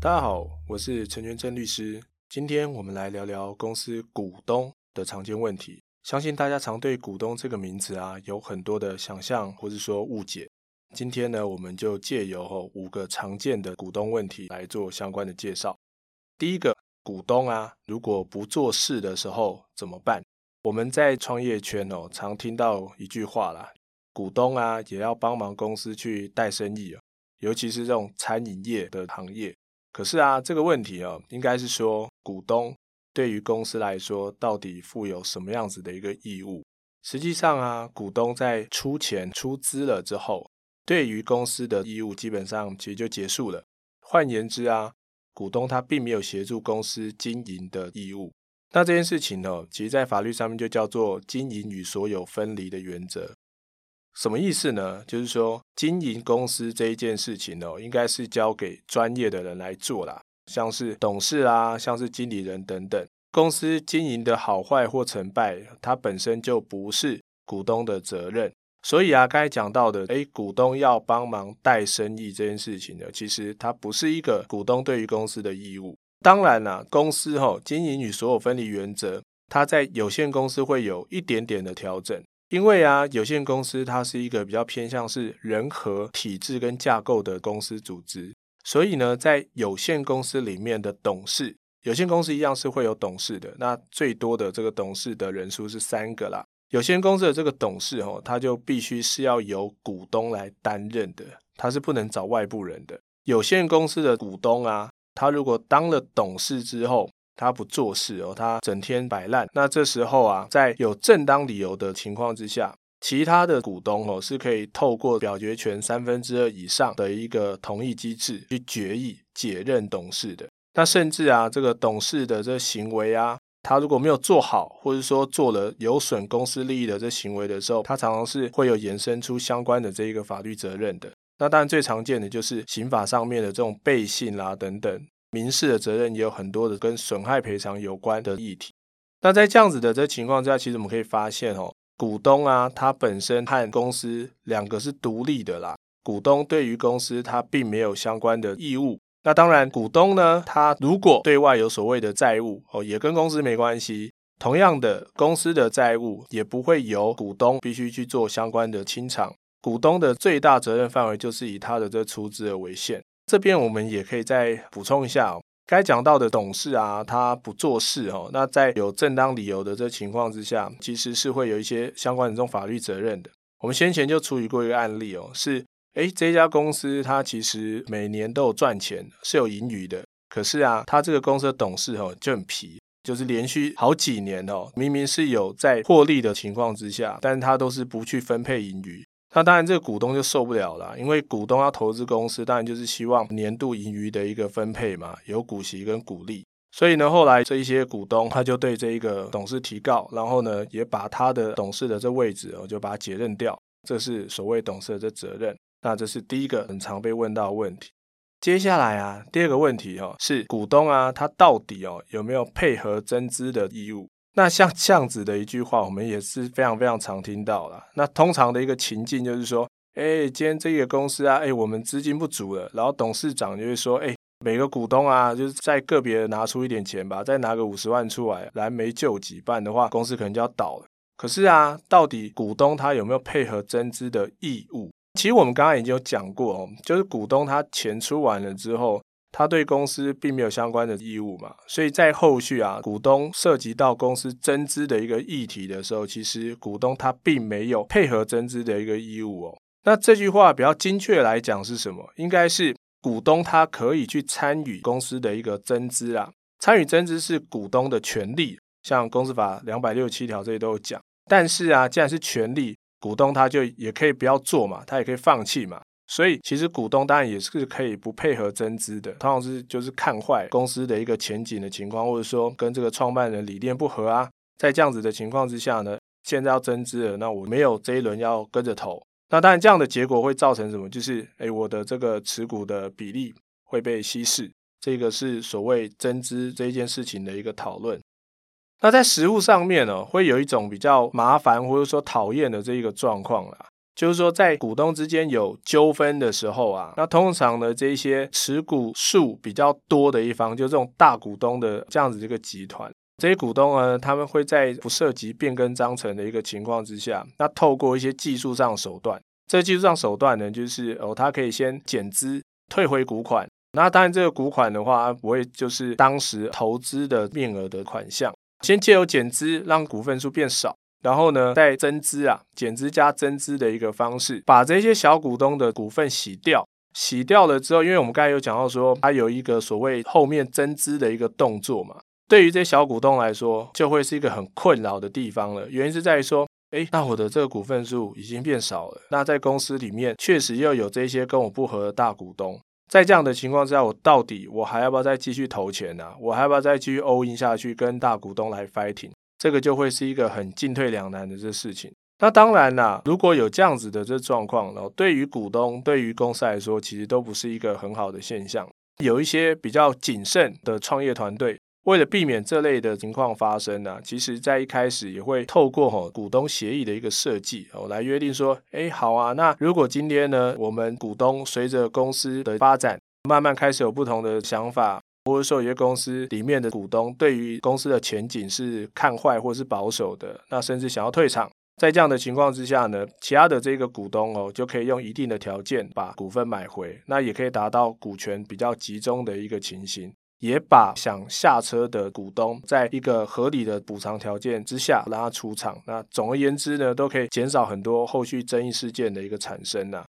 大家好，我是陳全正律師。今天我們來聊聊公司股東的常見問題。相信大家常對股東這個名詞啊有很多的想象，或者說誤解。今天呢，我們就借由哦五個常見的股東問題來做相關的介紹。第一個，股東啊，如果不做事的時候怎麼辦？我們在創業圈哦常聽到一句話啦，股東啊，也要幫忙公司去帶生意啊，哦，尤其是這種餐飲業的行業。可是啊，這個問題啊，應該是說，股東對於公司來說，到底負有什麼樣子的一個義務？實際上啊，股東在出錢出資了之後，對於公司的義務基本上其實就結束了。換言之啊，股東他並沒有協助公司經營的義務。那這件事情呢、啊，其實在法律上面就叫做經營與所有分離的原則。什麼意思呢？就是說，經營公司這一件事情呢、哦，應該是交給專業的人來做啦，像是董事啊，像是經理人等等。公司經營的好壞或成敗，它本身就不是股東的責任。所以啊，剛才講到的，哎，股東要幫忙帶生意這件事情呢，其實它不是一個股東對於公司的義務。當然啦、啊，公司哦，經營與所有分離原則，它在有限公司會有一點點的調整。因為啊，有限公司它是一個比較偏向是人和體制跟架構的公司組織，所以呢，在有限公司裡面的董事，有限公司一樣是會有董事的。那最多的這個董事的人數是三個啦。有限公司的這個董事哦，他就必須是要由股東來擔任的，他是不能找外部人的。有限公司的股東啊，他如果當了董事之後，他不做事哦，他整天擺爛。那這時候啊，在有正當理由的情況之下，其他的股東哦是可以透過表決權三分之二以上的一個同意機制去決議解任董事的。那甚至啊，這個董事的這個行為啊，他如果沒有做好，或者說做了有損公司利益的這行為的時候，他常常是會有延伸出相關的這一個法律責任的。那當然最常見的就是刑法上面的這種背信啦啊等等。民事的責任也有很多的跟損害賠償有關的議題。那在這樣子的這情況下，其實我們可以發現哦，股東啊，他本身和公司兩個是獨立的啦。股東對於公司，他並沒有相關的義務。那當然，股東呢，他如果對外有所謂的債務哦，也跟公司沒關係。同樣的，公司的債務也不會由股東必須去做相關的清償。股東的最大責任範圍就是以他的這出資額為限。這邊我們也可以再補充一下、喔，該講到的董事啊，他不做事哦、喔，那在有正當理由的這情況之下，其實是會有一些相關的這種法律責任的。我們先前就處理過一個案例哦、喔，是，哎、欸，這家公司它其實每年都有賺錢，是有盈餘的，可是啊，它這個公司的董事哦、喔、就很皮，就是連續好幾年哦、喔，明明是有在獲利的情況之下，但他都是不去分配盈餘。那當然，這個股東就受不了了啦，因為股東要投資公司，當然就是希望年度盈餘的一個分配嘛，有股息跟股利。所以呢，後來這一些股東他就對這一個董事提告，然後呢，也把他的董事的這位置喔，我就把它解任掉。這是所謂董事的這責任。那這是第一個很常被問到的問題。接下來啊，第二個問題哦，是股東啊，他到底哦，有沒有配合增資的義務？那像這樣子的一句話，我們也是非常非常常聽到啦。那通常的一個情境就是說，哎、欸，今天這個公司啊，哎、欸，我們資金不足了，然後董事長就會說，哎、欸，每個股東啊，就是再個別拿出一點錢吧，再拿個五十萬出來，來沒救幾半的話，公司可能就要倒了。可是啊，到底股東他有沒有配合增資的義務？其實我們剛剛已經有講過哦，就是股東他錢出完了之後。他對公司並沒有相關的義務嘛，所以在後續啊，股東涉及到公司增資的一個議題的時候，其實股東他並沒有配合增資的一個義務哦。那這句話比較精確來講是什麼？應該是股東他可以去參與公司的一個增資啊，參與增資是股東的權利，像公司法兩百六十七條這些都有講。但是啊，既然是權利，股東他就也可以不要做嘛，他也可以放棄嘛。所以，其實股東當然也是可以不配合增資的，通常是就是看壞公司的一個前景的情況，或者說跟這個創辦人理念不合啊，在這樣子的情況之下呢，現在要增資了，那我沒有這一輪要跟着投，那當然這樣的結果會造成什麼？就是哎，我的這個持股的比例會被稀釋，這個是所謂增資這件事情的一個討論。那在實務上面呢、哦，會有一種比較麻煩或者說討厭的這一個狀況啦。就是說，在股東之間有糾紛的時候啊，那通常的這些持股數比較多的一方，就這種大股東的這樣子一個集團，這些股東呢，他們會在不涉及變更章程的一個情況之下，那透過一些技術上手段，這個、技術上手段呢，就是哦，他可以先減資退回股款，那當然這個股款的話，啊、不會就是當時投資的面額的款項，先借由減資讓股份數變少。然後呢，再增資啊，減資加增資的一個方式，把這些小股東的股份洗掉，洗掉了之後，因為我們剛才有講到說，它有一個所謂後面增資的一個動作嘛，對於這些小股東來說，就會是一個很困擾的地方了。原因是在於說，誒那我的這個股份數已經變少了，那在公司裡面確實又有這些跟我不合的大股東，在這樣的情況之下，我到底我還要不要再繼續投錢呢、啊？我還要不要再繼續歐因下去跟大股東來 fighting？這個就會是一個很進退兩難的這事情。那當然啦、啊，如果有這樣子的這狀況，然後對於股東、對於公司來說，其實都不是一個很好的現象。有一些比較謹慎的創業團隊，為了避免這類的情況發生呢、啊，其實在一開始也會透過吼、哦、股東協議的一個設計哦來約定說，哎，好啊，那如果今天呢，我們股東隨着公司的發展，慢慢開始有不同的想法。或者說，一些公司裡面的股東對於公司的前景是看壞或是保守的，那甚至想要退場。在這樣的情況之下呢，其他的這個股東哦，就可以用一定的條件把股份買回，那也可以達到股權比較集中的一個情形，也把想下車的股東，在一個合理的補償條件之下讓他出場。那總而言之呢，都可以減少很多後續爭議事件的一個產生啊。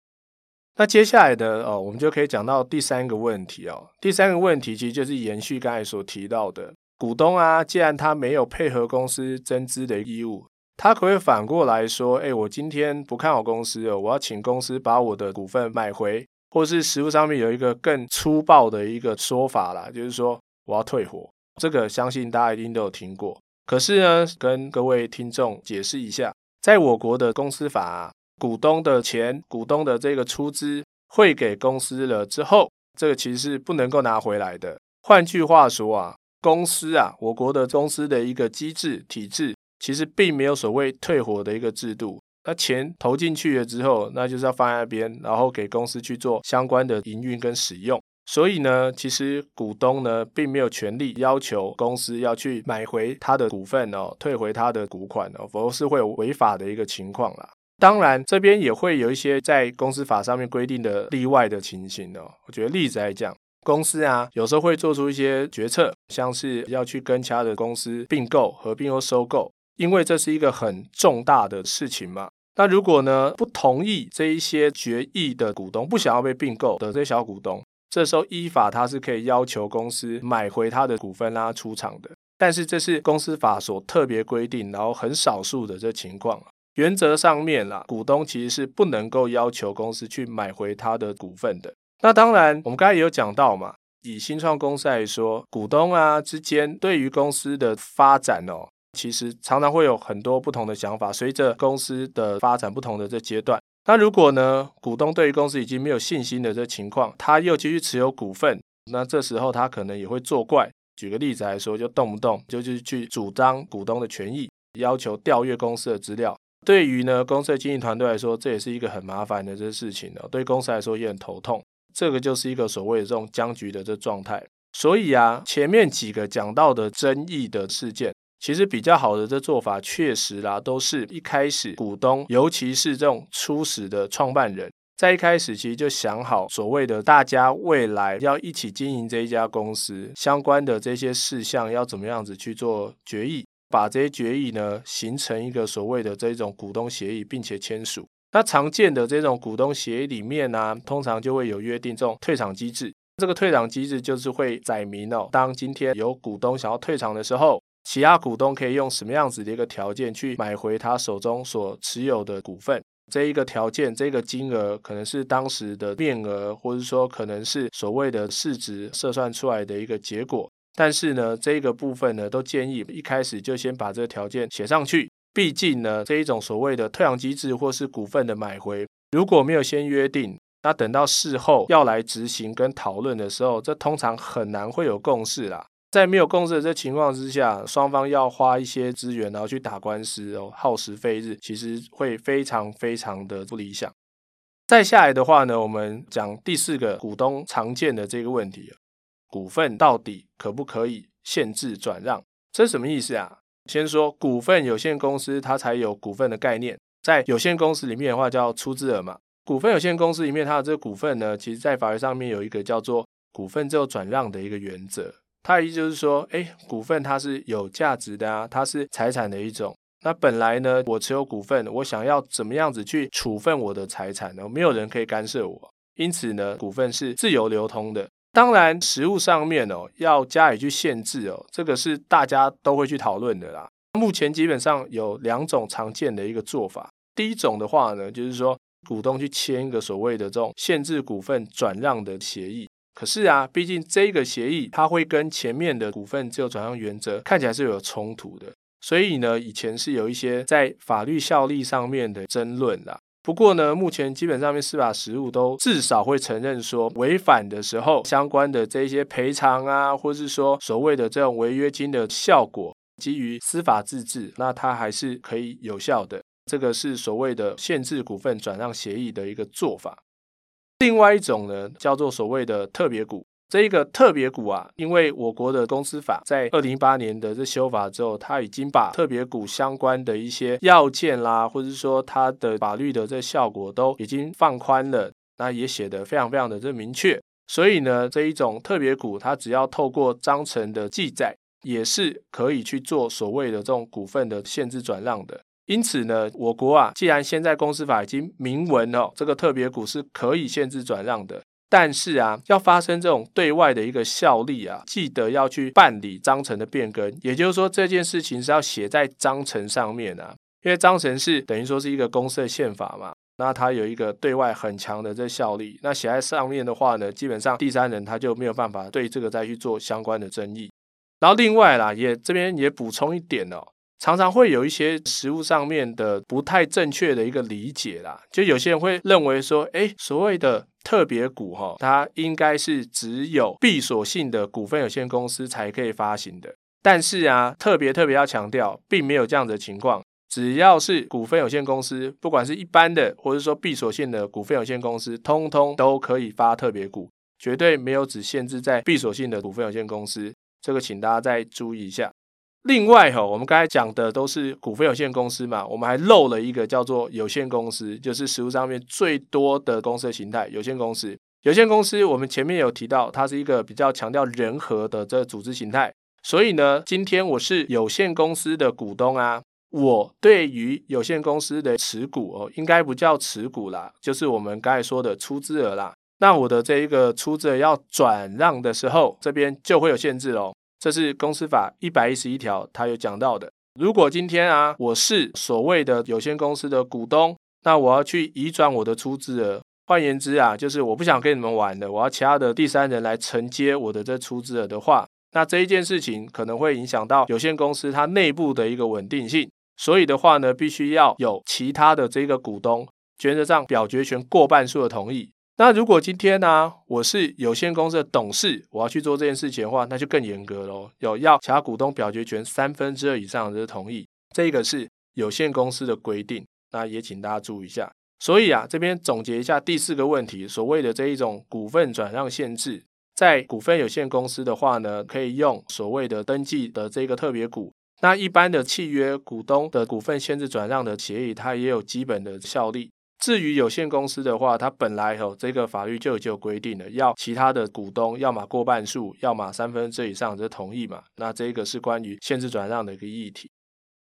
那接下來的哦，我們就可以講到第三個問題哦。第三個問題其實就是延續剛才所提到的股東啊，既然他沒有配合公司增資的義務，他可以反過來說，哎、欸，我今天不看好公司哦，我要請公司把我的股份買回，或是實務上面有一個更粗暴的一個說法啦，就是說我要退夥。這個相信大家一定都有聽過。可是呢，跟各位聽眾解釋一下，在我國的公司法啊。股東的錢，股東的這個出資匯給公司了之後，這個其實是不能夠拿回來的。換句話說啊，公司啊，我國的公司的一個機制體制，其實並沒有所謂退夥的一個制度。那錢投進去了之後，那就是要放在那邊，然後給公司去做相關的營運跟使用。所以呢，其實股東呢，並沒有權利要求公司要去買回他的股份哦，退回他的股款哦，否則是會有違法的一個情況啦。當然，這邊也會有一些在公司法上面規定的例外的情形哦。舉個例子來講，公司啊，有時候會做出一些決策，像是要去跟其他的公司併購、合併或收購，因為這是一個很重大的事情嘛。那如果呢，不同意這一些決議的股東，不想要被併購的這些小股東，這時候依法他是可以要求公司買回他的股份啊，出場的。但是這是公司法所特別規定，然後很少數的這情況。原則上面啦、啊，股東其實是不能夠要求公司去買回他的股份的。那當然，我們剛才也有講到嘛，以新創公司來說，股東啊之間對於公司的發展哦，其實常常會有很多不同的想法。隨着公司的發展，不同的這階段，那如果呢，股東對於公司已經沒有信心的這情況，他又繼續持有股份，那這時候他可能也會作怪。舉個例子來說，就動不動就是去主張股東的權益，要求調閱公司的資料。對於呢，公司的經營團隊來說，這也是一個很麻煩的這事情了、哦。對公司來說也很頭痛，這個就是一個所謂的這種僵局的這狀態。所以啊，前面幾個講到的爭議的事件，其實比較好的這做法，確實啦、啊，都是一開始股東，尤其是這種初始的創辦人，在一開始其實就想好，所謂的大家未來要一起經營這一家公司相關的這些事項，要怎麼樣子去做決議。把這些決議呢，形成一個所謂的這種股東協議，並且簽署。那常見的這種股東協議裡面呢、啊，通常就會有約定這種退場機制。這個退場機制就是會載明哦，當今天有股東想要退場的時候，其他股東可以用什麼樣子的一個條件去買回他手中所持有的股份。這一個條件，這個金額可能是當時的面額，或者說可能是所謂的市值測算出來的一個結果。但是呢，這個部分呢，都建議一開始就先把這個條件寫上去。畢竟呢，這一種所謂的退場機制或是股份的買回，如果沒有先約定，那等到事後要來執行跟討論的時候，這通常很難會有共識啦。在沒有共識的這情況之下，雙方要花一些資源然後去打官司哦，耗時費日，其實會非常非常的不理想。再下來的話呢，我們講第四個股東常見的這個問題。股份到底可不可以限制轉讓？這是什麼意思啊？先說股份有限公司，它才有股份的概念。在有限公司裡面的話，叫出資額嘛。股份有限公司裡面它的這個股份呢，其實，在法律上面有一個叫做股份自由轉讓的一個原則。它的意思就是說，哎、欸，股份它是有價值的啊，它是財產的一種。那本來呢，我持有股份，我想要怎麼樣子去處分我的財產呢？沒有人可以干涉我。因此呢，股份是自由流通的。當然，實務上面哦，要加以去限制哦，這個是大家都會去討論的啦。目前基本上有兩種常見的一個做法。第一種的話呢，就是說股東去簽一個所謂的這種限制股份轉讓的協議。可是啊，畢竟這個協議它會跟前面的股份自由轉讓原則看起來是有衝突的，所以呢，以前是有一些在法律效力上面的爭論啦。不過呢，目前基本上面司法實務都至少會承認說，違反的時候相關的這些賠償啊，或是說所謂的這種違約金的效果，基於私法自治，那它還是可以有效的。這個是所謂的限制股份轉讓協議的一個做法。另外一種呢，叫做所謂的特別股。這一個特別股啊，因為我國的公司法在二零一八年的這修法之後，它已經把特別股相關的一些要件啦，或者是說它的法律的這效果都已經放寬了，那也寫得非常非常的這明確。所以呢，這一種特別股，它只要透過章程的記載，也是可以去做所謂的這種股份的限制轉讓的。因此呢，我國啊，既然現在公司法已經明文哦，這個特別股是可以限制轉讓的。但是啊，要發生這種對外的一個效力啊，記得要去辦理章程的變更。也就是說，這件事情是要寫在章程上面啊，因為章程是等於說是一個公司的憲法嘛，那它有一個對外很強的這個效力。那寫在上面的話呢，基本上第三人他就沒有辦法對這個再去做相關的爭議。然後另外啦，也這邊也補充一點哦、喔，常常會有一些實務上面的不太正確的一個理解啦，就有些人會認為說，哎、欸，所謂的。特別股哈，它應該是只有閉鎖性的股份有限公司才可以發行的。但是啊，特別特別要強調，並沒有這樣子的情況。只要是股份有限公司，不管是一般的，或是說閉鎖性的股份有限公司，通通都可以發特別股，絕對沒有只限制在閉鎖性的股份有限公司。這個請大家再注意一下。另外哈，我們剛才講的都是股份有限公司嘛，我們還漏了一個叫做有限公司，就是實務上面最多的公司的形態。有限公司，有限公司，我們前面有提到，它是一個比較強調人和的這個組織形態。所以呢，今天我是有限公司的股東啊，我對於有限公司的持股哦，應該不叫持股啦，就是我們剛才說的出資額啦。那我的這一個出資額要轉讓的時候，這邊就會有限制囉。這是公司法一百一十一條，它有講到的。如果今天啊，我是所謂的有限公司的股東，那我要去移轉我的出資額，換言之啊，就是我不想跟你們玩了，我要其他的第三人來承接我的這出資額的話，那這一件事情可能會影響到有限公司它內部的一個穩定性，所以的話呢，必須要有其他的這個股東，原則上表決權過半數的同意。那如果今天呢、啊，我是有限公司的董事，我要去做這件事情的話，那就更嚴格咯、哦。有要其他股東表決權三分之二以上的同意，這個是有限公司的規定。那也請大家注意一下。所以啊，這邊總結一下第四個問題，所謂的這一種股份轉讓限制，在股份有限公司的話呢，可以用所謂的登記的這個特別股。那一般的契約股東的股份限制轉讓的協議，它也有基本的效力。至於有限公司的話，它本來哦，這個法律就已經規定了，要其他的股東，要麼過半數，要麼三分之以上就同意嘛。那這個是關於限制轉讓的一個議題。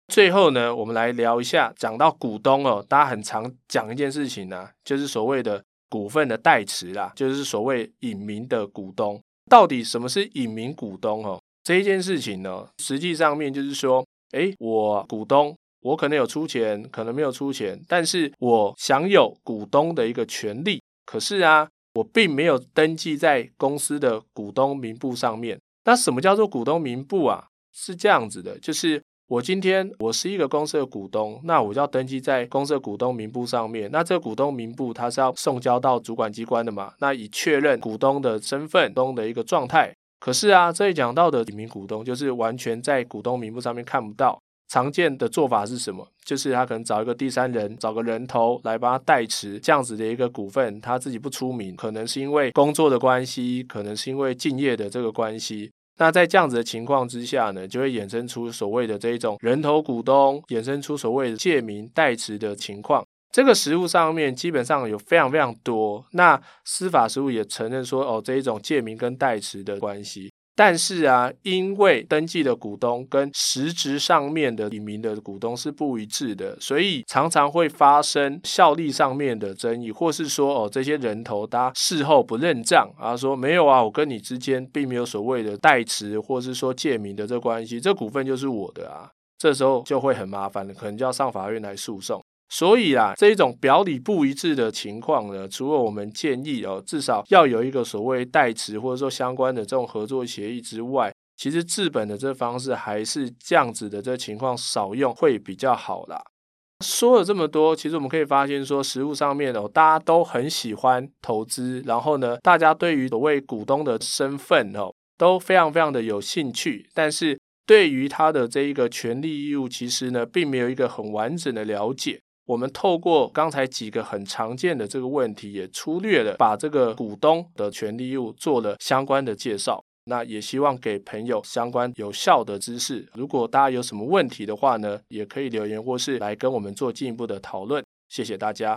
最後呢，我們來聊一下，講到股東哦，大家很常講一件事情呢、啊，就是所謂的股份的代持啦，就是所謂隱名的股東。到底什麼是隱名股東哦？這一件事情呢，實際上面就是說，哎，我股東。我可能有出錢，可能沒有出錢，但是我享有股東的一個權利。可是啊，我並沒有登記在公司的股東名簿上面。那什麼叫做股東名簿啊？是這樣子的，就是我今天我是一個公司的股東，那我就要登記在公司的股東名簿上面。那這個股東名簿它是要送交到主管機關的嘛？那以確認股東的身份、股東的一個狀態。可是啊，這裡講到的隱名股東，就是完全在股東名簿上面看不到。常見的做法是什麼？就是他可能找一個第三人，找個人頭來幫他代持這樣子的一個股份，他自己不出名，可能是因為工作的關係，可能是因為敬業的這個關係。那在這樣子的情況之下呢，就會衍生出所謂的這一種人頭股東，衍生出所謂的借名代持的情況。這個實務上面基本上有非常非常多，那司法實務也承認說，哦，這一種借名跟代持的關係。但是啊，因為登記的股東跟實質上面的隱名的股東是不一致的，所以常常會發生效力上面的爭議，或是說哦，這些人頭他事後不認賬啊，說沒有啊，我跟你之間並沒有所謂的代持或是說借名的這關係，這股份就是我的啊，這時候就會很麻煩了，可能就要上法院來訴訟。所以啦，這一種表裡不一致的情況呢，除了我們建議哦，至少要有一個所謂代持或者說相關的這種合作協議之外，其實治本的這方式還是這樣子的這情況少用會比較好啦。說了這麼多，其實我們可以發現說，實務上面哦，大家都很喜歡投資，然後呢，大家對於所謂股東的身份哦，都非常非常的有興趣，但是對於他的這一個權利義務，其實呢，並沒有一個很完整的了解。我們透過剛才幾個很常見的這個問題，也粗略的把這個股東的權利義務做了相關的介紹。那也希望給朋友相關有效的知識。如果大家有什麼問題的話呢，也可以留言或是來跟我們做進一步的討論。謝謝大家。